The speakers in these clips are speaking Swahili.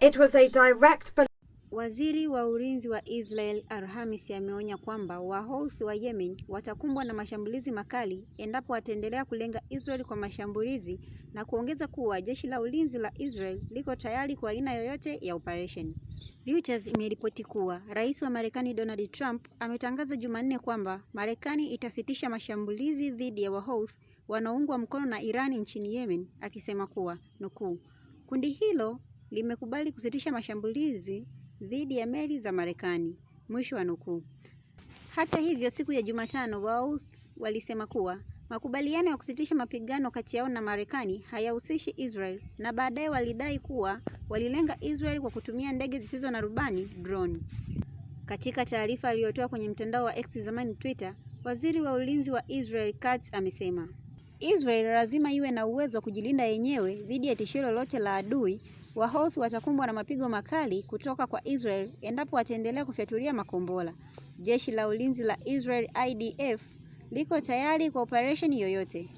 It was a direct... Waziri wa Ulinzi wa Israel Alhamisi ameonya kwamba Wahouthi wa Yemen watakumbwa na mashambulizi makali endapo wataendelea kulenga Israel kwa mashambulizi na kuongeza kuwa jeshi la ulinzi la Israel liko tayari kwa aina yoyote ya operation. Reuters imeripoti kuwa Rais wa Marekani Donald Trump ametangaza Jumanne kwamba Marekani itasitisha mashambulizi dhidi ya Wahouthi wanaoungwa mkono na Iran nchini Yemen, akisema kuwa nukuu, kundi hilo limekubali kusitisha mashambulizi dhidi ya meli za Marekani, mwisho wa nukuu. Hata hivyo, siku ya Jumatano, Wahouthi walisema kuwa makubaliano ya kusitisha mapigano kati yao na Marekani hayahusishi Israel na baadaye walidai kuwa walilenga Israel kwa kutumia ndege zisizo na rubani drone. Katika taarifa aliyotoa kwenye mtandao wa X zamani Twitter, Waziri wa Ulinzi wa Israel Katz amesema, Israel lazima iwe na uwezo wa kujilinda yenyewe dhidi ya tishio lolote la adui Wahouthi watakumbwa na mapigo makali kutoka kwa Israel endapo wataendelea kufyatulia makombora. Jeshi la Ulinzi la Israel IDF liko tayari kwa operesheni yoyote.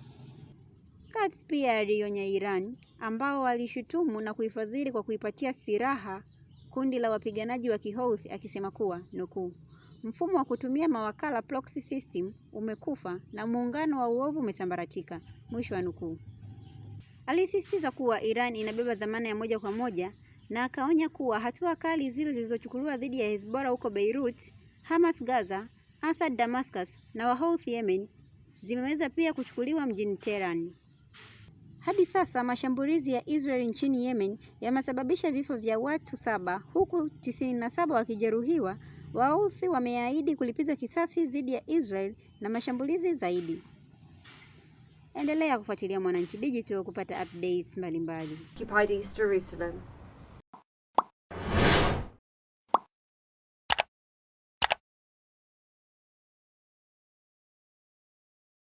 Kurds pia alionya Iran, ambao walishutumu na kuifadhili kwa kuipatia silaha kundi la wapiganaji wa Kihouthi akisema kuwa nukuu, mfumo wa kutumia mawakala proxy system umekufa na muungano wa uovu umesambaratika, mwisho wa nukuu. Alisisitiza kuwa Iran inabeba dhamana ya moja kwa moja na akaonya kuwa hatua kali zile zilizochukuliwa dhidi ya Hezbollah huko Beirut, Hamas Gaza, Assad Damascus na Wahouthi Yemen zimeweza pia kuchukuliwa mjini Tehran. Hadi sasa mashambulizi ya Israel nchini Yemen yamesababisha vifo vya watu saba huku tisini na saba wakijeruhiwa. Wahouthi wameahidi kulipiza kisasi dhidi ya Israel na mashambulizi zaidi. Endelea kufuatilia Mwananchi Digital kupata updates mbalimbali. Jerusalem.